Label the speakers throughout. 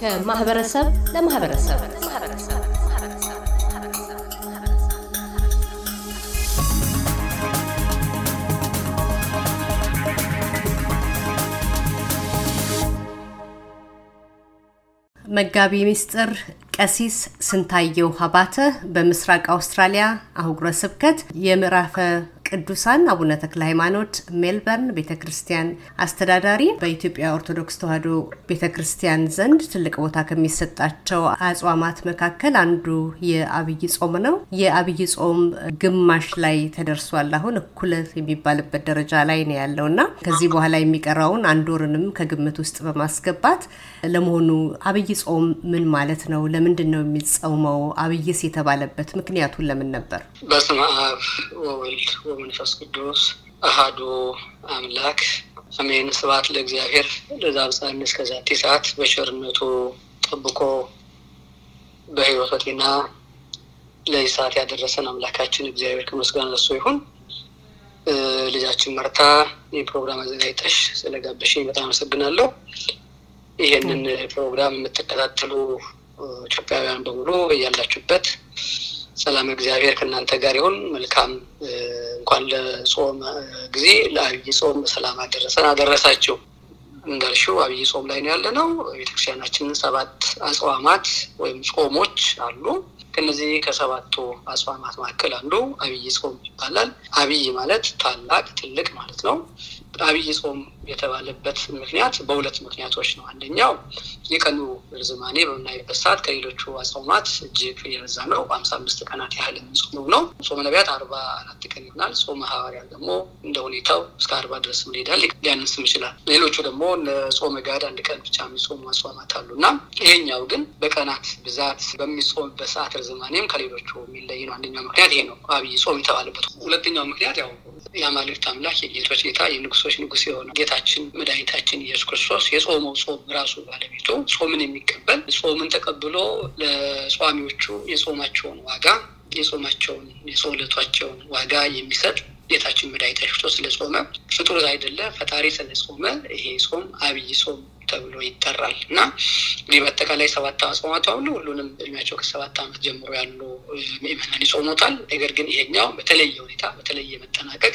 Speaker 1: ከማህበረሰብ ለማህበረሰብ መጋቢ ሚስጥር ቀሲስ ስንታየው ሀባተ በምስራቅ አውስትራሊያ አህጉረ ስብከት የምዕራፈ ቅዱሳን አቡነ ተክለ ሃይማኖት ሜልበርን ቤተ ክርስቲያን አስተዳዳሪ በኢትዮጵያ ኦርቶዶክስ ተዋህዶ ቤተ ክርስቲያን ዘንድ ትልቅ ቦታ ከሚሰጣቸው አጽዋማት መካከል አንዱ የአብይ ጾም ነው። የአብይ ጾም ግማሽ ላይ ተደርሷል። አሁን እኩለት የሚባልበት ደረጃ ላይ ነው ያለው እና ከዚህ በኋላ የሚቀረውን አንድ ወርንም ከግምት ውስጥ በማስገባት ለመሆኑ አብይ ጾም ምን ማለት ነው? ለምንድን ነው የሚጸውመው? አብይስ የተባለበት ምክንያቱን ለምን ነበር?
Speaker 2: በስመ አብ ወወልድ መንፈስ ቅዱስ አሃዱ አምላክ አሜን። ስብሐት ለእግዚአብሔር ለዘአብጽሐነ እስከዛቲ ሰዓት። በቸርነቱ ጠብቆ በሕይወት ጤና ለዚህ ሰዓት ያደረሰን አምላካችን እግዚአብሔር ከምስጋና ለእሱ ይሁን። ልጃችን መርታ የፕሮግራም አዘጋጅተሽ ስለጋበሽኝ በጣም አመሰግናለሁ። ይህንን ፕሮግራም የምትከታተሉ ኢትዮጵያውያን በሙሉ እያላችሁበት ሰላም እግዚአብሔር ከእናንተ ጋር ይሁን። መልካም እንኳን ለጾም ጊዜ ለአብይ ጾም በሰላም አደረሰን አደረሳቸው እንዳልሽው አብይ ጾም ላይ ነው ያለ ነው። ቤተክርስቲያናችን ሰባት አጽዋማት ወይም ጾሞች አሉ። ከነዚህ ከሰባቱ አጽዋማት መካከል አንዱ አብይ ጾም ይባላል። አብይ ማለት ታላቅ ትልቅ ማለት ነው። አብይ ጾም የተባለበት ምክንያት በሁለት ምክንያቶች ነው። አንደኛው የቀኑ ርዝማኔ በምናይበት ሰዓት ከሌሎቹ አጽማት እጅግ የበዛ ነው። በአምሳ አምስት ቀናት ያህል የምንጾመው ነው። ጾመ ነቢያት አርባ አራት ቀን ይሆናል። ጾመ ሐዋርያት ደግሞ እንደ ሁኔታው እስከ አርባ ድረስ ሄዳል፣ ሊያንስም ይችላል። ሌሎቹ ደግሞ ጾመ ጋድ አንድ ቀን ብቻ የሚጾሙ አጽዋማት አሉ እና ይሄኛው ግን በቀናት ብዛት በሚጾምበት ሰዓት ርዝማኔም ከሌሎቹ የሚለይ ነው። አንደኛው ምክንያት ይሄ ነው፣ አብይ ጾም የተባለበት። ሁለተኛው ምክንያት ያው የአማልክት አምላክ የጌቶች ጌታ የንጉሶች ንጉስ የሆነ ጌታ ጌታችን መድኃኒታችን ኢየሱስ ክርስቶስ የጾመው ጾም ራሱ ባለቤቱ ጾምን የሚቀበል ጾምን ተቀብሎ ለጿሚዎቹ የጾማቸውን ዋጋ የጾማቸውን የሰውለቷቸውን ዋጋ የሚሰጥ ጌታችን መድኃኒታችን ክርስቶስ ስለጾመ ፍጡር አይደለ ፈጣሪ ስለጾመ ይሄ ጾም አብይ ጾም ተብሎ ይጠራል እና እንግዲህ በአጠቃላይ ሰባት አጽዋማቱ አሉ። ሁሉንም እድሜያቸው ከሰባት ዓመት ጀምሮ ያሉ ምእመናን ይጾሙታል። ነገር ግን ይሄኛው በተለየ ሁኔታ፣ በተለየ መጠናቀቅ፣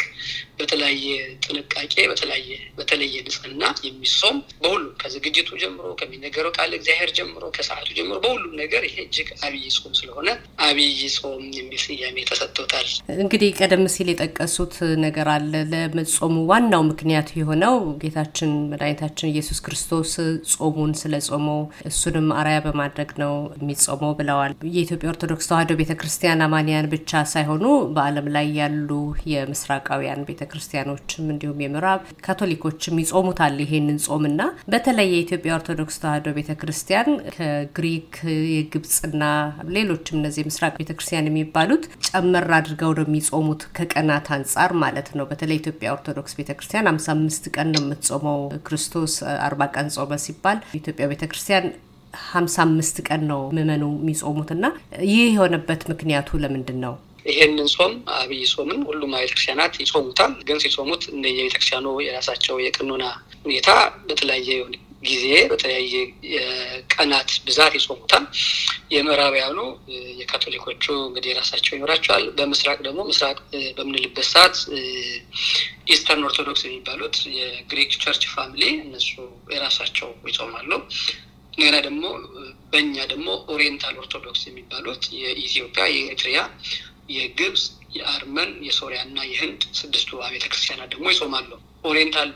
Speaker 2: በተለያየ ጥንቃቄ፣ በተለያየ በተለየ ንጽህና የሚጾም በሁሉም ከዝግጅቱ ጀምሮ ከሚነገረው ቃል እግዚአብሔር ጀምሮ ከሰዓቱ ጀምሮ በሁሉም ነገር ይሄ እጅግ አብይ ጾም ስለሆነ አብይ ጾም የሚል ስያሜ ተሰጥቶታል።
Speaker 1: እንግዲህ ቀደም ሲል የጠቀሱት ነገር አለ። ለመጾሙ ዋናው ምክንያት የሆነው ጌታችን መድኃኒታችን ኢየሱስ ክርስቶስ ክርስቶስ ጾሙን ስለ ጾመው እሱንም አርያ በማድረግ ነው የሚጾመው ብለዋል። የኢትዮጵያ ኦርቶዶክስ ተዋህዶ ቤተ ክርስቲያን አማንያን ብቻ ሳይሆኑ በዓለም ላይ ያሉ የምስራቃውያን ቤተ ክርስቲያኖችም እንዲሁም የምዕራብ ካቶሊኮችም ይጾሙታል ይሄንን ጾምና በተለይ የኢትዮጵያ ኦርቶዶክስ ተዋሕዶ ቤተ ክርስቲያን ከግሪክ የግብፅና ሌሎችም እነዚህ ምስራቅ ቤተ ክርስቲያን የሚባሉት ጨመር አድርገው ነው የሚጾሙት ከቀናት አንጻር ማለት ነው። በተለይ ኢትዮጵያ ኦርቶዶክስ ቤተ ክርስቲያን አምሳ አምስት ቀን ነው የምትጾመው። ክርስቶስ አርባ ቀን ጾመ ሲባል ኢትዮጵያ ቤተክርስቲያን ሀምሳ አምስት ቀን ነው የሚጾሙት የሚጾሙትና ይህ የሆነበት ምክንያቱ ለምንድን ነው?
Speaker 2: ይሄንን ጾም አብይ ጾምን ሁሉም ቤተክርስቲያናት ክርስቲያናት ይጾሙታል። ግን ሲጾሙት እንደየቤተክርስቲያኑ የራሳቸው የቅኖና ሁኔታ በተለያየ ጊዜ በተለያየ የቀናት ብዛት ይጾሙታል። የምዕራብያኑ የካቶሊኮቹ እንግዲህ የራሳቸው ይኖራቸዋል። በምስራቅ ደግሞ ምስራቅ በምንልበት ሰዓት ኢስተርን ኦርቶዶክስ የሚባሉት የግሪክ ቸርች ፋሚሊ እነሱ የራሳቸው ይጾማሉ። እንደገና ደግሞ በእኛ ደግሞ ኦሪየንታል ኦርቶዶክስ የሚባሉት የኢትዮጵያ፣ የኤርትሪያ፣ የግብፅ፣ የአርመን፣ የሶሪያ እና የህንድ ስድስቱ አብያተ ክርስቲያናት ደግሞ ይጾማሉ። ኦሪየንታል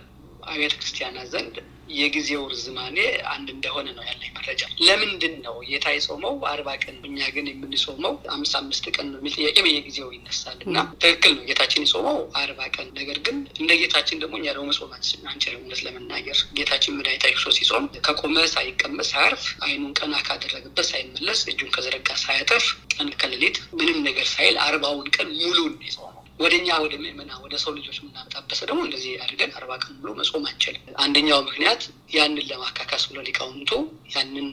Speaker 2: አብያተ ክርስቲያናት ዘንድ የጊዜው ርዝማኔ አንድ እንደሆነ ነው ያለኝ መረጃ። ለምንድን ነው ጌታ ጾመው አርባ ቀን እኛ ግን የምንጾመው አምስት አምስት ቀን ነው የሚል ጥያቄ በየጊዜው ይነሳል እና ትክክል ነው ጌታችን የጾመው አርባ ቀን ነገር ግን እንደ ጌታችን ደግሞ እኛ ደግሞ መጾም አንችልም። እውነት ለመናገር ጌታችን መድኃኒታችን ክርስቶስ ሲጾም ከቆመ ሳይቀመ ሳያርፍ አይኑን ቀና ካደረገበት ሳይመለስ እጁን ከዘረጋ ሳያጠፍ ቀን ከሌሊት ምንም ነገር ሳይል አርባውን ቀን ሙሉን የጾመው ወደ እኛ ወደ ምእመና ወደ ሰው ልጆች የምናመጣበት ደግሞ እንደዚህ አድርገን አርባ ቀን ብሎ መጾም አንችልም። አንደኛው ምክንያት ያንን ለማካካስ ብሎ ሊቃውንቱ ያንን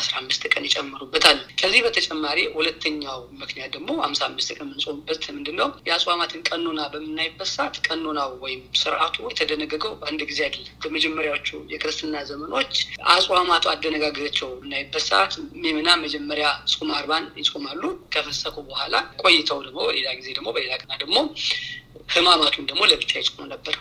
Speaker 2: አስራ አምስት ቀን ይጨምሩበታል። ከዚህ በተጨማሪ ሁለተኛው ምክንያት ደግሞ አምሳ አምስት ቀን የምንጾምበት ምንድን ነው? የአጽዋማትን ቀኖና በምናይበት ሰዓት ቀኖናው ወይም ስርዓቱ የተደነገገው አንድ ጊዜ አይደለም። በመጀመሪያዎቹ የክርስትና ዘመኖች አጽዋማቱ አደነጋገራቸው በምናይበት ሰዓት ምእመና መጀመሪያ ጾም አርባን ይጾማሉ። ከፈሰኩ በኋላ ቆይተው ደግሞ በሌላ ጊዜ ደግሞ በሌላ ቀና ደግሞ ህማማቱን ደግሞ ለብቻ ይጾም ነበር።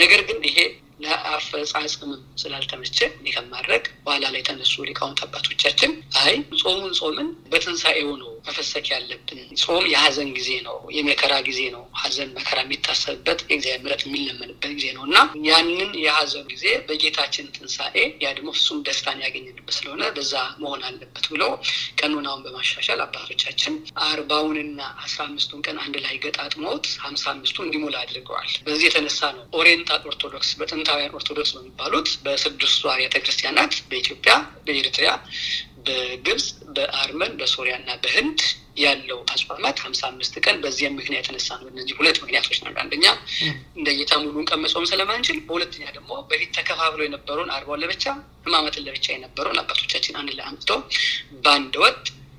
Speaker 2: ነገር ግን ይሄ ለአፈጻጽም ስላልተመቸ ይህ ከማድረግ በኋላ ላይ ተነሱ ሊቃውንት አባቶቻችን አይ ጾሙን ጾምን በትንሣኤው ነው መፈሰክ ያለብን። ጾም የሀዘን ጊዜ ነው፣ የመከራ ጊዜ ነው። ሀዘን መከራ የሚታሰብበት የእግዚአብሔር ምሕረት የሚለመንበት ጊዜ ነው እና ያንን የሀዘን ጊዜ በጌታችን ትንሣኤ ያ ደግሞ ፍጹም ደስታን ያገኘንበት ስለሆነ በዛ መሆን አለበት ብለው ቀኖናውን በማሻሻል አባቶቻችን አርባውንና አስራ አምስቱን ቀን አንድ ላይ ገጣጥሞት ሀምሳ አምስቱ እንዲሞላ አድርገዋል። በዚህ የተነሳ ነው ኦሪየንታል ኦርቶዶክስ በጥንታውያን ኦርቶዶክስ በሚባሉት በስድስቱ አብያተ ክርስቲያናት በኢትዮጵያ፣ በኤርትሪያ፣ በግብጽ በአርመን በሶሪያ እና በህንድ ያለው አጽዋማት ሀምሳ አምስት ቀን በዚያም ምክንያት የተነሳ ነው። እነዚህ ሁለት ምክንያቶች ነው አንደኛ ጌታ ሙሉን ቀመጾም ስለማንችል፣ በሁለተኛ ደግሞ በፊት ተከፋፍሎ የነበረውን አርባውን ለብቻ ህማመትን ለብቻ የነበረውን አባቶቻችን አንድ ላይ አምጥቶ በአንድ ወጥ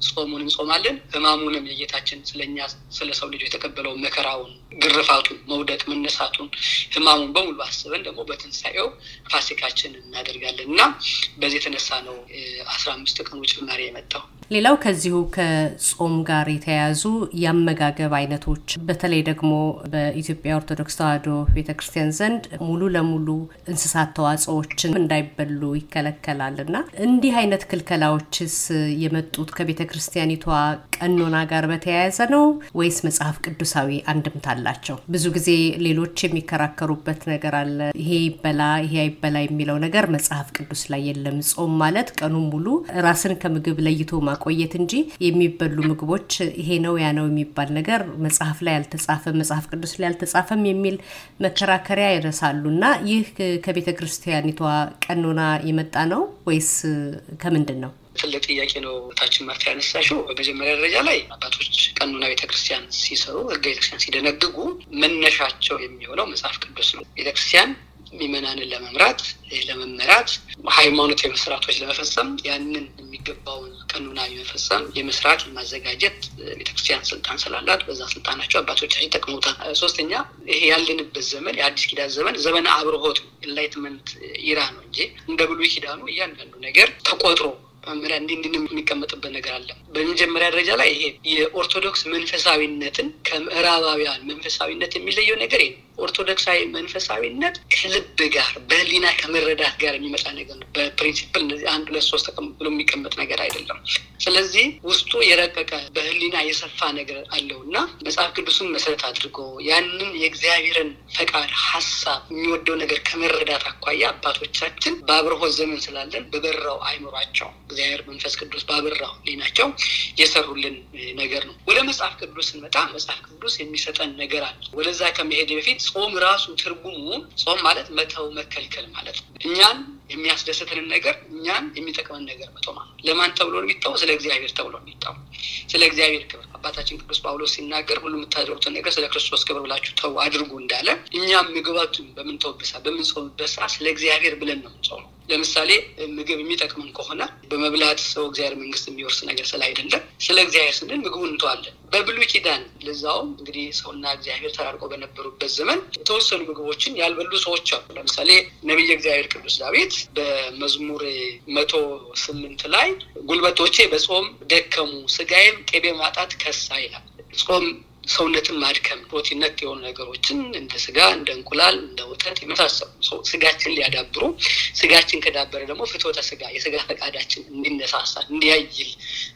Speaker 2: ጾሙን እንጾማለን። ህማሙንም የጌታችን ስለኛ ስለ ሰው ልጅ የተቀበለው መከራውን፣ ግርፋቱን፣ መውደቅ፣ መነሳቱን ህማሙን በሙሉ አስበን ደግሞ በትንሳኤው ፋሲካችን እናደርጋለን እና በዚህ የተነሳ ነው አስራ አምስት ቀኑ ጭማሪ የመጣው።
Speaker 1: ሌላው ከዚሁ ከጾም ጋር የተያያዙ የአመጋገብ አይነቶች በተለይ ደግሞ በኢትዮጵያ ኦርቶዶክስ ተዋህዶ ቤተክርስቲያን ዘንድ ሙሉ ለሙሉ እንስሳት ተዋጽኦዎችን እንዳይበሉ ይከለከላል እና እንዲህ አይነት ክልከላዎችስ የመጡት ከቤተ ክርስቲያኒቷ ቀኖና ጋር በተያያዘ ነው ወይስ መጽሐፍ ቅዱሳዊ አንድምታ አላቸው? ብዙ ጊዜ ሌሎች የሚከራከሩበት ነገር አለ። ይሄ ይበላ ይሄ አይበላ የሚለው ነገር መጽሐፍ ቅዱስ ላይ የለም። ጾም ማለት ቀኑን ሙሉ ራስን ከምግብ ለይቶ ማቆየት እንጂ የሚበሉ ምግቦች ይሄ ነው ያ ነው የሚባል ነገር መጽሐፍ ላይ ያልተጻፈ መጽሐፍ ቅዱስ ላይ ያልተጻፈም የሚል መከራከሪያ ይረሳሉ እና ይህ ከቤተ ክርስቲያኒቷ ቀኖና የመጣ ነው ወይስ ከምንድን ነው?
Speaker 2: ትልቅ ጥያቄ ነው። ታችን መርት ያነሳሽው በመጀመሪያ ደረጃ ላይ አባቶች ቀኖና ቤተክርስቲያን ሲሰሩ ህገ ቤተክርስቲያን ሲደነግጉ መነሻቸው የሚሆነው መጽሐፍ ቅዱስ ነው። ቤተክርስቲያን ሚመናንን ለመምራት ለመመራት ሃይማኖት የመስራቶች ለመፈጸም ያንን የሚገባውን ቀኑና የመፈጸም የመስራት የማዘጋጀት ቤተክርስቲያን ስልጣን ስላላት በዛ ስልጣናቸው አባቶቻችን ይጠቅሙታል። ሶስተኛ ይሄ ያለንበት ዘመን የአዲስ ኪዳን ዘመን ዘመን አብርሆት ኢንላይትመንት ኢራ ነው እንጂ እንደ ብሉ ኪዳኑ እያንዳንዱ ነገር ተቆጥሮ መምሪያ እንዲ እንዲ የሚቀመጥበት ነገር አለ። በመጀመሪያ ደረጃ ላይ ይሄ የኦርቶዶክስ መንፈሳዊነትን ከምዕራባውያን መንፈሳዊነት የሚለየው ነገር ነው። ኦርቶዶክሳዊ መንፈሳዊነት ከልብ ጋር በህሊና ከመረዳት ጋር የሚመጣ ነገር ነው። በፕሪንሲፕል እንደዚህ አንድ ሁለት ሶስት ብሎ የሚቀመጥ ነገር አይደለም። ስለዚህ ውስጡ የረቀቀ በህሊና የሰፋ ነገር አለው እና መጽሐፍ ቅዱስን መሰረት አድርጎ ያንን የእግዚአብሔርን ፈቃድ ሀሳብ የሚወደው ነገር ከመረዳት አኳያ አባቶቻችን በአብርሆት ዘመን ስላለን በበራው አይምሯቸው እግዚአብሔር መንፈስ ቅዱስ ባበራው ሊናቸው የሰሩልን ነገር ነው። ወደ መጽሐፍ ቅዱስ ስንመጣ መጽሐፍ ቅዱስ የሚሰጠን ነገር አለ። ወደዛ ከመሄድ በፊት ጾም ራሱ ትርጉሙ ጾም ማለት መተው መከልከል ማለት ነው። እኛን የሚያስደስትንን ነገር እኛን የሚጠቅመን ነገር መቶ ለማን ተብሎ ነው ስለ እግዚአብሔር ተብሎ ነው ስለ እግዚአብሔር ክብር አባታችን ቅዱስ ጳውሎስ ሲናገር ሁሉ የምታደርጉትን ነገር ስለ ክርስቶስ ክብር ብላችሁ ተው አድርጉ እንዳለ እኛም ምግባቱን በምንተውበሳ ሰዓት ስለ እግዚአብሔር ብለን ነው የምንጾመው። ለምሳሌ ምግብ የሚጠቅምን ከሆነ በመብላት ሰው እግዚአብሔር መንግስት የሚወርስ ነገር ስለ አይደለም ስለ እግዚአብሔር ስንል ምግቡ እንተዋለን። በብሉ ኪዳን ለዛውም እንግዲህ ሰውና እግዚአብሔር ተራርቆ በነበሩበት ዘመን የተወሰኑ ምግቦችን ያልበሉ ሰዎች አሉ። ለምሳሌ ነቢየ እግዚአብሔር ቅዱስ ዳዊት በመዝሙር መቶ ስምንት ላይ ጉልበቶቼ በጾም ደከሙ፣ ስጋዬም ቅቤ ማጣት ከሳ ይላል። ጾም ሰውነትን ማድከም ፕሮቲነት የሆኑ ነገሮችን እንደ ስጋ፣ እንደ እንቁላል፣ እንደ ወተት የመሳሰሉ ስጋችን ሊያዳብሩ ስጋችን ከዳበረ ደግሞ ፍትወተ ስጋ የስጋ ፈቃዳችን እንዲነሳሳ እንዲያይል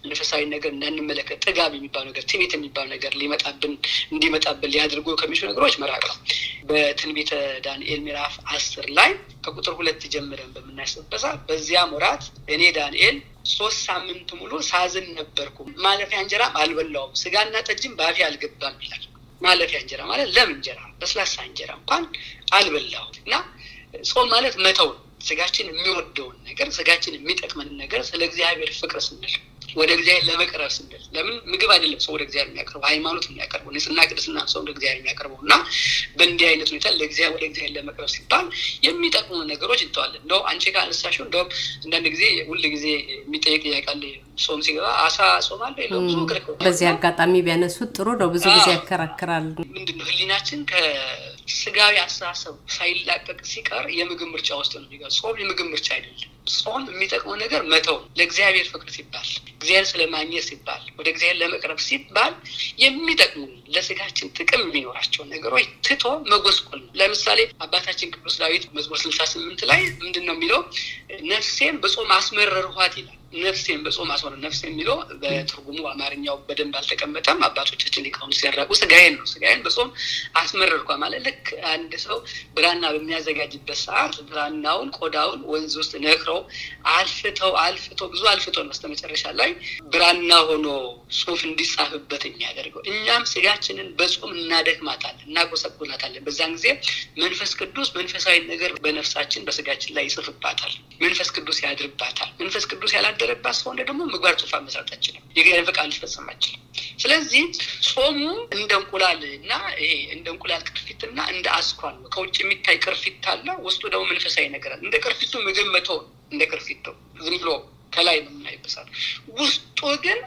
Speaker 2: መንፈሳዊ ነገር እንዳንመለከት ጥጋብ የሚባል ነገር ትዕቢት የሚባል ነገር ሊመጣብን እንዲመጣብን ሊያደርጉ ከሚችሉ ነገሮች መራቅ ነው። በትንቢተ ዳንኤል ምዕራፍ አስር ላይ ከቁጥር ሁለት ጀምረን በምናስበት በዚያም ወራት እኔ ዳንኤል ሶስት ሳምንት ሙሉ ሳዝን ነበርኩ፣ ማለፊያ እንጀራም አልበላውም፣ ስጋና ጠጅም በአፌ አልገባም ይላል። ማለፊያ እንጀራ ማለት ለም እንጀራ፣ በስላሳ እንጀራ እንኳን አልበላው እና ጾም ማለት መተውን ስጋችን የሚወደውን ነገር ስጋችን የሚጠቅመን ነገር ስለ እግዚአብሔር ፍቅር ስንል ወደ እግዚአብሔር ለመቅረብ ስንል ለምን ምግብ አይደለም ሰው ወደ እግዚአብሔር የሚያቀርበው ሃይማኖት የሚያቀርበው ንጽና ቅድስና ሰው ወደ እግዚአብሔር የሚያቀርበው እና በእንዲህ አይነት ሁኔታ ለእግዚአብሔር ወደ እግዚአብሔር ለመቅረብ ሲባል የሚጠቅሙ ነገሮች እንተዋለን። እንደው አንቺ ጋር አነሳሽ እንደውም አንዳንድ ጊዜ ሁል ጊዜ የሚጠየቅ ያቃል ጾም ሲገባ አሳ ጾም አለ በዚህ አጋጣሚ
Speaker 1: ቢያነሱት ጥሩ ነው። ብዙ ጊዜ ያከራክራል። ምንድነው
Speaker 2: ህሊናችን ከስጋዊ አስተሳሰብ ሳይላቀቅ ሲቀር የምግብ ምርጫ ውስጥ ነው የሚገ ጾም የምግብ ምርጫ አይደለም። ጾም የሚጠቅመው ነገር መተው ለእግዚአብሔር ፍቅር ሲባል እግዚአብሔር ስለማግኘት ሲባል ወደ እግዚአብሔር ለመቅረብ ሲባል የሚጠቅሙ ለስጋችን ጥቅም የሚኖራቸው ነገሮች ትቶ መጎስቆል ነው። ለምሳሌ አባታችን ቅዱስ ዳዊት መዝሙር ስልሳ ስምንት ላይ ምንድን ነው የሚለው? ነፍሴን በጾም አስመረርኋት ይላል። ነፍሴን በጾም አስሆነ ነፍስ የሚለው በትርጉሙ አማርኛው በደንብ አልተቀመጠም። አባቶቻችን ሊቃውን ሲያራቁ ስጋዬን ነው ስጋዬን በጾም አስመረርኳ ማለት ልክ አንድ ሰው ብራና በሚያዘጋጅበት ሰዓት ብራናውን ቆዳውን ወንዝ ውስጥ ነክረው አልፍተው አልፍተው ብዙ አልፍቶ አልፍተው መጨረሻ ላይ ብራና ሆኖ ጽሁፍ እንዲጻፍበት የሚያደርገው እኛም ስጋችንን በጾም እናደክማታለን፣ እናጎሰጉላታለን። በዛን ጊዜ መንፈስ ቅዱስ መንፈሳዊ ነገር በነፍሳችን በስጋችን ላይ ይጽፍባታል። መንፈስ ቅዱስ ያድርባታል። መንፈስ ቅዱስ ያላደ ያደረባ ሰው ደግሞ ምግባር ጽፋ መስራት አችልም የገንፍ ቃል ሊፈጽም አችልም ስለዚህ ጾሙ እንደ እንቁላል እና ይሄ እንደ እንቁላል ቅርፊት እና እንደ አስኳል ነው። ከውጭ የሚታይ ቅርፊት አለ፣ ውስጡ ደግሞ መንፈሳዊ ነገር አለ። እንደ ቅርፊቱ ምግብ መቶ እንደ ቅርፊቱ ዝም ብሎ ከላይ በምናይበት ሰዓት ውስጡ ግን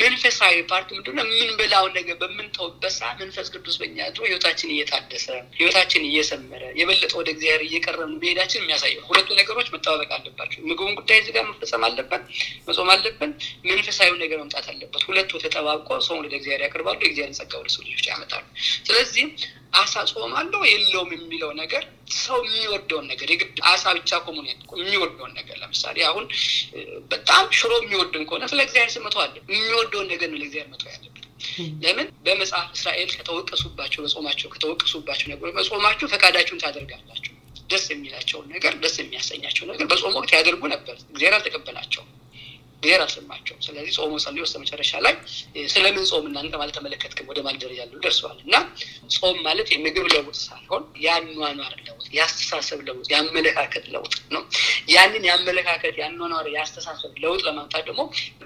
Speaker 2: መንፈሳዊ ፓርት ምንድነው? የምንበላውን ነገር በምንተውበት ሰዓት መንፈስ ቅዱስ በኛ ድሮ ህይወታችን እየታደሰ ህይወታችን እየሰመረ የበለጠ ወደ እግዚአብሔር እየቀረብ መሄዳችን የሚያሳየ ሁለቱ ነገሮች መጠባበቅ አለባቸው። ምግቡን ጉዳይ እዚህ ጋር መፈጸም አለበት፣ መጾም አለብን። መንፈሳዊ ነገር መምጣት አለበት። ሁለቱ ተጠባብቆ ሰውን ወደ እግዚአብሔር ያቀርባሉ። የእግዚአብሔር ጸጋ ወደ ሰው ልጆች ያመጣሉ። ስለዚህ አሳ ጾም አለው የለውም የሚለው ነገር ሰው የሚወደውን ነገር የግድ አሳ ብቻ ኮሙን የሚወደውን ነገር ለምሳሌ አሁን በጣም ሽሮ የሚወድን ከሆነ ስለ እግዚአብሔር ስም አለ። የሚወደውን ነገር ነው ለእግዚአብሔር መቶ ያለ ለምን በመጽሐፍ እስራኤል ከተወቀሱባቸው በጾማቸው ከተወቀሱባቸው ነገሮች በጾማችሁ ፈቃዳችሁን ታደርጋላችሁ። ደስ የሚላቸውን ነገር ደስ የሚያሰኛቸው ነገር በጾም ወቅት ያደርጉ ነበር። እግዚአብሔር አልተቀበላቸውም። ብሔር አልሰማቸውም። ስለዚህ ጾሙ ጸልዮ እስከ መጨረሻ ላይ ስለምን ጾም እናንቀም አልተመለከትክም ወደ ማለት ደረጃ ያለው ደርሰዋል። እና ጾም ማለት የምግብ ለውጥ ሳይሆን የአኗኗር ለውጥ፣ የአስተሳሰብ ለውጥ፣ የአመለካከት ለውጥ ነው። ያንን የአመለካከት የአኗኗር የአስተሳሰብ ለውጥ ለማምጣት ደግሞ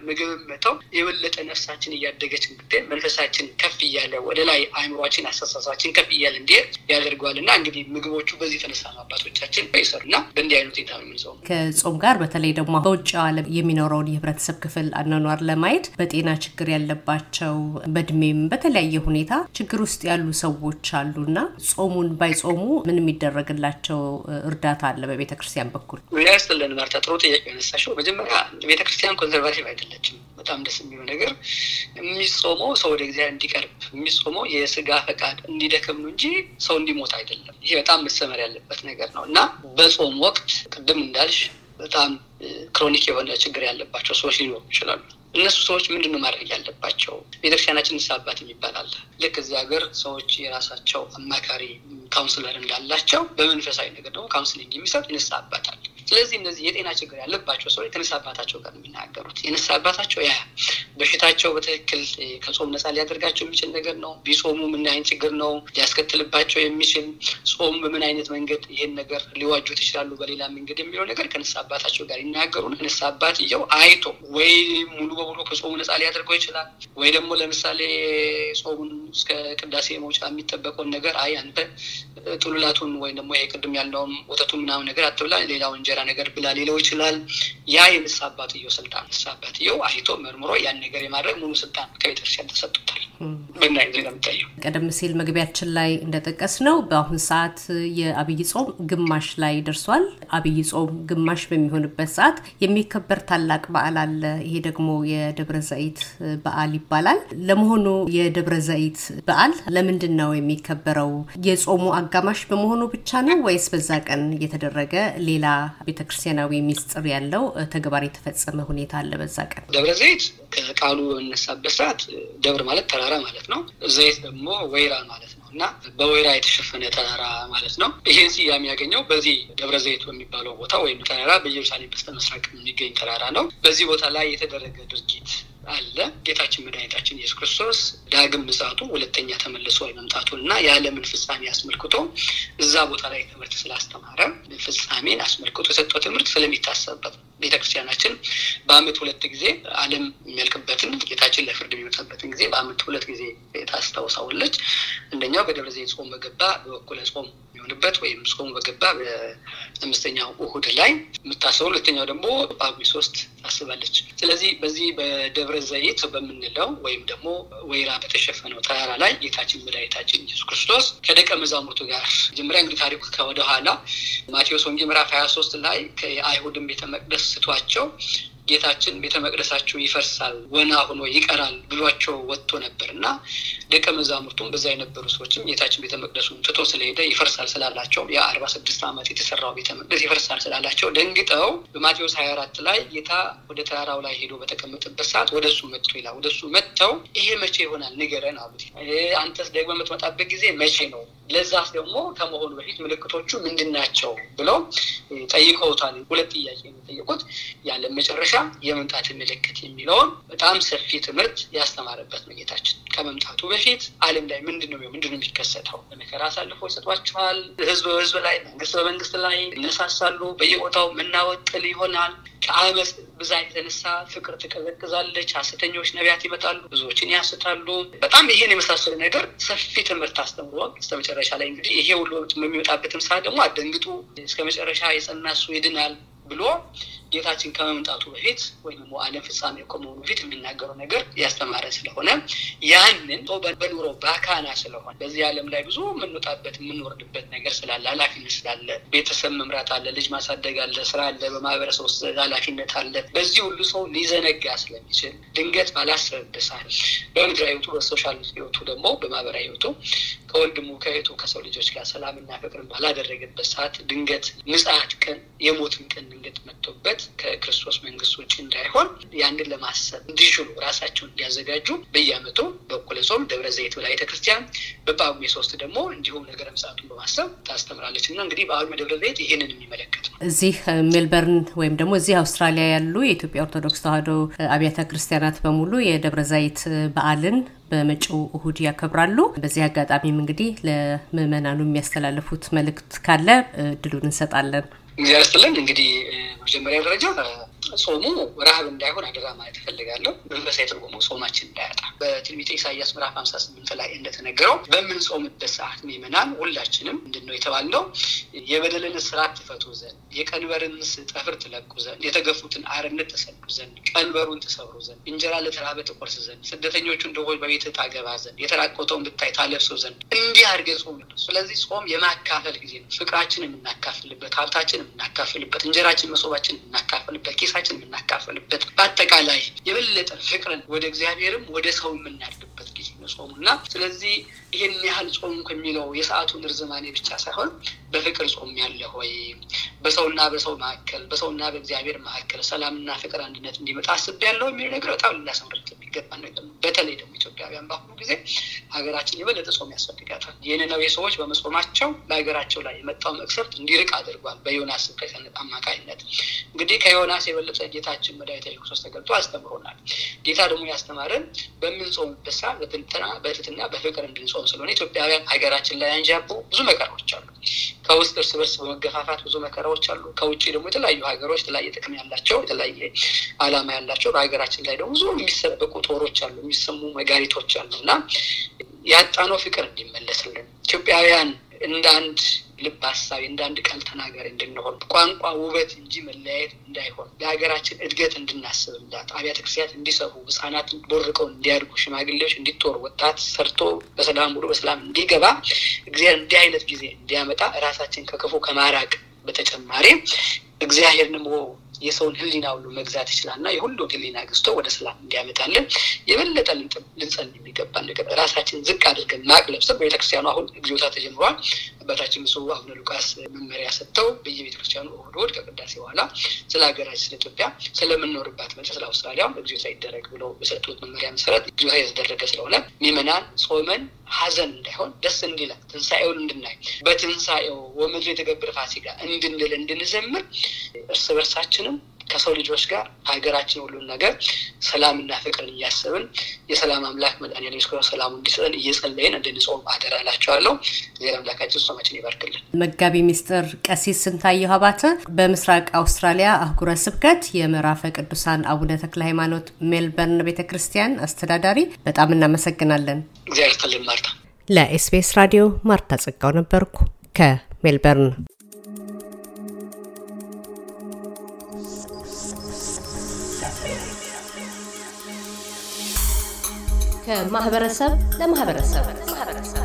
Speaker 2: ምግብ መተው የበለጠ ነፍሳችን እያደገች እንግዲህ መንፈሳችን ከፍ እያለ ወደ ላይ አይምሯችን አስተሳሰባችን ከፍ እያለ እንዲሄድ ያደርገዋል። እና እንግዲህ ምግቦቹ በዚህ የተነሳ አባቶቻችን እና በእንዲህ አይነት ሁኔታ ነው የምንጾመው
Speaker 1: ከጾም ጋር በተለይ ደግሞ በውጭ አለም የሚኖረውን የህብረተሰብ ክፍል አኗኗር ለማየት በጤና ችግር ያለባቸው በእድሜም በተለያየ ሁኔታ ችግር ውስጥ ያሉ ሰዎች አሉና ጾሙን ባይጾሙ ምን የሚደረግላቸው እርዳታ አለ በቤተ ክርስቲያን በኩል?
Speaker 2: ያስጥልን ማርታ፣ ጥሩ ጥያቄ ያነሳሽው። መጀመሪያ ቤተ ክርስቲያን ኮንዘርቫቲቭ አይደለችም። በጣም ደስ የሚሆ ነገር የሚጾመው ሰው ወደ እግዚአብሔር እንዲቀርብ የሚጾመው የስጋ ፈቃድ እንዲደክም ነው እንጂ ሰው እንዲሞት አይደለም። ይሄ በጣም መሰመር ያለበት ነገር ነው እና በጾም ወቅት ቅድም እንዳልሽ በጣም ክሮኒክ የሆነ ችግር ያለባቸው ሰዎች ሊኖሩ ይችላሉ። እነሱ ሰዎች ምንድን ነው ማድረግ ያለባቸው? ቤተክርስቲያናችን ንስሐ አባት የሚባል አለ። ልክ እዚህ ሀገር ሰዎች የራሳቸው አማካሪ ካውንስለር እንዳላቸው በመንፈሳዊ ነገር ደግሞ ካውንስሊንግ የሚሰጥ ንስሐ አባት አለ። ስለዚህ እነዚህ የጤና ችግር ያለባቸው ሰው የተነሳ አባታቸው ጋር የሚናገሩት የነሳ አባታቸው ያ በሽታቸው በትክክል ከጾም ነፃ ሊያደርጋቸው የሚችል ነገር ነው። ቢጾሙ ምን አይነት ችግር ነው ሊያስከትልባቸው የሚችል ጾም በምን አይነት መንገድ ይሄን ነገር ሊዋጁት ይችላሉ በሌላ መንገድ የሚለው ነገር ከነሳ አባታቸው ጋር ይናገሩን። አባት አባትየው አይቶ ወይ ሙሉ በሙሉ ከጾሙ ነፃ ሊያደርገው ይችላል ወይ ደግሞ ለምሳሌ ጾሙን እስከ ቅዳሴ መውጫ የሚጠበቀውን ነገር አይ አንተ ጥሉላቱን ወይም ደግሞ ይሄ ቅድም ያለውን ወተቱን ምናምን ነገር አትብላ ሌላው እንጀራ ነገር ብላ ሊለው ይችላል። ያ የንስ አባትየው ስልጣን ንስ አባትየው አይቶ መርምሮ ያን ነገር የማድረግ ሙሉ ስልጣን ከቤተክርስቲያን ተሰጡታል ምናይ
Speaker 1: ቀደም ሲል መግቢያችን ላይ እንደጠቀስ ነው በአሁን ሰዓት የአብይ ጾም ግማሽ ላይ ደርሷል። አብይ ጾም ግማሽ በሚሆንበት ሰዓት የሚከበር ታላቅ በዓል አለ። ይሄ ደግሞ የደብረ ዘይት በዓል ይባላል። ለመሆኑ የደብረ ዘይት በዓል ለምንድን ነው የሚከበረው? የጾሙ አጋማሽ በመሆኑ ብቻ ነው ወይስ በዛ ቀን የተደረገ ሌላ ቤተክርስቲያናዊ ሚስጥር ያለው ተግባር የተፈጸመ ሁኔታ አለ። በዛ ቀን
Speaker 2: ደብረ ዘይት ከቃሉ በምነሳበት ሰዓት ደብር ማለት ተራራ ማለት ነው። ዘይት ደግሞ ወይራ ማለት ነው እና በወይራ የተሸፈነ ተራራ ማለት ነው። ይህን ስያሜ ያገኘው በዚህ ደብረ ዘይት በሚባለው ቦታ ወይም ተራራ በኢየሩሳሌም በስተ ምስራቅ የሚገኝ ተራራ ነው። በዚህ ቦታ ላይ የተደረገ ድርጊት አለ። ጌታችን መድኃኒታችን ኢየሱስ ክርስቶስ ዳግም ምጻቱ ሁለተኛ ተመልሶ የመምጣቱ እና የዓለምን ፍጻሜ አስመልክቶ እዛ ቦታ ላይ ትምህርት ስላስተማረ ፍጻሜን አስመልክቶ የሰጠው ትምህርት ስለሚታሰብበት ቤተክርስቲያናችን በዓመት ሁለት ጊዜ ዓለም የሚያልቅበትን ጌታችን ለፍርድ የሚመጣበትን ጊዜ በዓመት ሁለት ጊዜ ታስታውሳዋለች። አንደኛው በደብረ ዘይት ጾም በገባ በበኩለ ጾም በሚውልበት ወይም ጾሙ በገባ በአምስተኛው እሁድ ላይ የምታስበው፣ ሁለተኛው ደግሞ ጳጉሜ ሶስት ታስባለች። ስለዚህ በዚህ በደብረ ዘይት በምንለው ወይም ደግሞ ወይራ በተሸፈነው ተራራ ላይ ጌታችን መድኃኒታችን ኢየሱስ ክርስቶስ ከደቀ መዛሙርቱ ጋር መጀመሪያ እንግዲህ ታሪኩ ከወደኋላ ማቴዎስ ወንጌ ምዕራፍ ሀያ ሶስት ላይ ከአይሁድም ቤተ መቅደስ ስቷቸው ጌታችን ቤተ መቅደሳችሁ ይፈርሳል፣ ወና ሆኖ ይቀራል ብሏቸው ወጥቶ ነበር እና ደቀ መዛሙርቱም በዛ የነበሩ ሰዎችም ጌታችን ቤተ መቅደሱን ትቶ ስለሄደ ይፈርሳል ስላላቸው የአርባ ስድስት ዓመት የተሰራው ቤተ መቅደስ ይፈርሳል ስላላቸው ደንግጠው በማቴዎስ ሀያ አራት ላይ ጌታ ወደ ተራራው ላይ ሄዶ በተቀመጠበት ሰዓት ወደ እሱ መጥቶ ይላል። ወደ እሱ መጥተው ይሄ መቼ ይሆናል ንገረን አሉት። አንተስ ደግሞ የምትመጣበት ጊዜ መቼ ነው ለዛስ ደግሞ ከመሆኑ በፊት ምልክቶቹ ምንድን ናቸው ብለው ጠይቀውታል። ሁለት ጥያቄ የሚጠየቁት ያለ መጨረሻ የመምጣት ምልክት የሚለውን በጣም ሰፊ ትምህርት ያስተማረበት ነው። ከመምጣቱ በፊት አለም ላይ ምንድን ነው ምንድን ነው የሚከሰተው? በመከራ አሳልፎ ይሰጧችኋል። ህዝብ በህዝብ ላይ፣ መንግስት በመንግስት ላይ ይነሳሳሉ። በየቦታው መናወጥ ይሆናል። ከአመፅ ብዛት የተነሳ ፍቅር ትቀዘቅዛለች፣ ሀሰተኞች ነቢያት ይመጣሉ፣ ብዙዎችን ያስታሉ። በጣም ይሄን የመሳሰሉ ነገር ሰፊ ትምህርት አስተምሯል። እስከ መጨረሻ ላይ እንግዲህ ይሄ ሁሉ የሚመጣበትም ሰዓት ደግሞ አደንግጡ፣ እስከ መጨረሻ የጸናሱ ይድናል ብሎ ጌታችን ከመምጣቱ በፊት ወይም ደግሞ ዓለም ፍጻሜ ከመሆኑ በፊት የሚናገረው ነገር ያስተማረ ስለሆነ ያንን ሰው በኑሮ ባካና ስለሆነ በዚህ ዓለም ላይ ብዙ የምንወጣበት የምንወርድበት ነገር ስላለ ኃላፊነት ስላለ ቤተሰብ መምራት አለ፣ ልጅ ማሳደግ አለ፣ ስራ አለ፣ በማህበረሰብ ውስጥ ኃላፊነት አለ። በዚህ ሁሉ ሰው ሊዘነጋ ስለሚችል ድንገት ባላስረደሳል ሰዓት በምድራዊ ህይወቱ፣ በሶሻል ህይወቱ ደግሞ በማህበራዊ ህይወቱ ከወንድሙ ከእህቱ ከሰው ልጆች ጋር ሰላምና ፍቅርን ባላደረገበት ሰዓት ድንገት ምጽአት ቀን የሞትን ቀን እንግልት መጥቶበት ከክርስቶስ መንግስት ውጭ እንዳይሆን ያንን ለማሰብ እንዲችሉ ራሳቸውን እንዲያዘጋጁ በየአመቱ በኩለ ጾም ደብረ ዘይት ብላ ክርስቲያን በጳጉሜ ሶስት ደግሞ እንዲሁም ነገረ ምጽአቱን በማሰብ ታስተምራለች እና እንግዲህ በአሁኑ ደብረ ዘይት ይህንን የሚመለከት
Speaker 1: ነው። እዚህ ሜልበርን ወይም ደግሞ እዚህ አውስትራሊያ ያሉ የኢትዮጵያ ኦርቶዶክስ ተዋህዶ አብያተ ክርስቲያናት በሙሉ የደብረ ዘይት በዓልን በመጪው እሁድ ያከብራሉ። በዚህ አጋጣሚም እንግዲህ ለምእመናኑ የሚያስተላልፉት መልእክት ካለ እድሉን እንሰጣለን።
Speaker 2: እግዚአብሔር ይስጥልን። እንግዲህ መጀመሪያ ደረጃ ጾሙ ረሃብ እንዳይሆን አደራ ማለት እፈልጋለሁ። መንፈሳዊ ትርጉሙ ጾማችን እንዳያጣ በትንቢተ ኢሳያስ ምዕራፍ ሀምሳ ስምንት ላይ እንደተነገረው በምንጾምበት ሰዓት ምዕመናን ሁላችንም ምንድን ነው የተባልነው? የበደልን ስርዓት ትፈቱ ዘንድ፣ የቀንበርን ጠፍር ትለቁ ዘንድ፣ የተገፉትን አርነት ተሰዱ ዘንድ፣ ቀንበሩን ትሰብሩ ዘንድ፣ እንጀራ ለተራበ ትቆርስ ዘንድ፣ ስደተኞቹን ድሆች በቤት ታገባ ዘንድ፣ የተራቆተውን ብታይ ታለብሰው ዘንድ እንዲህ አድርገ ጾም። ስለዚህ ጾም የማካፈል ጊዜ ነው። ፍቅራችን የምናካፍልበት፣ ሀብታችን የምናካፍልበት፣ እንጀራችን መሶባችን የምናካፍልበት ኪሳ ለራሳችን የምናካፈልበት በአጠቃላይ የበለጠ ፍቅርን ወደ እግዚአብሔርም ወደ ሰው የምናድግበት ጊዜ ነው ጾሙ እና ስለዚህ ይህን ያህል ጾሙ ከሚለው የሰዓቱን ርዝማኔ ብቻ ሳይሆን በፍቅር ጾም ያለ ሆይ በሰውና በሰው መካከል በሰውና በእግዚአብሔር መካከል ሰላምና ፍቅር አንድነት እንዲመጣ አስብ ያለው የሚል ነገር በጣም ልናሰምርት የሚገባ ነው። በተለይ ደግሞ ኢትዮጵያውያን በአሁኑ ጊዜ ሀገራችን የበለጠ ጾም ያስፈልጋታል። የነነዌ ሰዎች በመጾማቸው በሀገራቸው ላይ የመጣው መቅሰፍት እንዲርቅ አድርጓል። በዮናስ ስብከት አማካኝነት እንግዲህ ከዮናስ የበለጠ ጌታችን መድኃኒታችን ክርስቶስ ተገልጦ አስተምሮናል። ጌታ ደግሞ ያስተማረን በምንጾምበት ሰዓት በትንትና በትትና በፍቅር እንድንጾም ስለሆነ ኢትዮጵያውያን ሀገራችን ላይ አንዣቦ ብዙ መከራዎች አሉ። ከውስጥ እርስ በርስ በመገፋፋት ብዙ መከራዎች አሉ። ከውጭ ደግሞ የተለያዩ ሀገሮች የተለያየ ጥቅም ያላቸው የተለያየ ዓላማ ያላቸው በሀገራችን ላይ ደግሞ ብዙ የሚሰበቁ ጦሮች አሉ፣ የሚሰሙ መጋሪቶች አሉ እና ያጣነው ፍቅር እንዲመለስልን ኢትዮጵያውያን እንደ አንድ ልብ ሀሳቢ እንደ አንድ ቃል ተናጋሪ እንድንሆን ቋንቋ ውበት እንጂ መለያየት እንዳይሆን ለሀገራችን እድገት እንድናስብላት አብያተ ክርስቲያናት እንዲሰሩ ህጻናት ቦርቀው እንዲያድጉ ሽማግሌዎች እንዲጦሩ ወጣት ሰርቶ በሰላም ብሎ በሰላም እንዲገባ እግዚአብሔር እንዲህ አይነት ጊዜ እንዲያመጣ ራሳችን ከክፉ ከማራቅ በተጨማሪ እግዚአብሔር የሰውን ህሊና ሁሉ መግዛት ይችላል እና የሁሉን ህሊና ገዝቶ ወደ ሰላም እንዲያመጣልን የበለጠ ልንጸል የሚገባ ነገር ራሳችን ዝቅ አድርገን ማቅለብ ስር ቤተክርስቲያኑ አሁን እግዚኦታ ተጀምሯል። አባታችን ብፁዕ አቡነ ሉቃስ መመሪያ ሰጥተው በየቤተ ክርስቲያኑ እሑድ ከቅዳሴ በኋላ ስለ ሀገራችን ስለ ኢትዮጵያ ስለምንኖርባት ምድር ስለ አውስትራሊያም በጊዜው ሳይደረግ ብለው በሰጡት መመሪያ መሰረት ጊዜው የተደረገ ስለሆነ ሚመናን ጾመን ሀዘን እንዳይሆን ደስ እንዲላ ትንሣኤውን እንድናይ በትንሣኤው ወምድር የተገብር ፋሲካ እንድንል እንድንዘምር እርስ በርሳችንም ከሰው ልጆች ጋር ሀገራችን ሁሉን ነገር ሰላምና ፍቅርን እያሰብን የሰላም አምላክ መድኃኒዓለም ኢየሱስ ሰላሙ እንዲሰጠን እየጸለይን እንድንጾም አደራላቸዋለሁ። እላቸዋለሁ። እግዚአብሔር አምላካችን ጾማችን ይባርክልን።
Speaker 1: መጋቢ ምስጢር ቀሲስ ስንታየሁ አባተ በምስራቅ አውስትራሊያ አህጉረ ስብከት የምዕራፈ ቅዱሳን አቡነ ተክለ ሃይማኖት ሜልበርን ቤተ ክርስቲያን አስተዳዳሪ፣ በጣም እናመሰግናለን።
Speaker 2: እግዚአብሔር ይስጥልን። ማርታ
Speaker 1: ለኤስቢኤስ ራዲዮ ማርታ ጸጋው ነበርኩ ከሜልበርን ከማህበረሰብ ለማህበረሰብ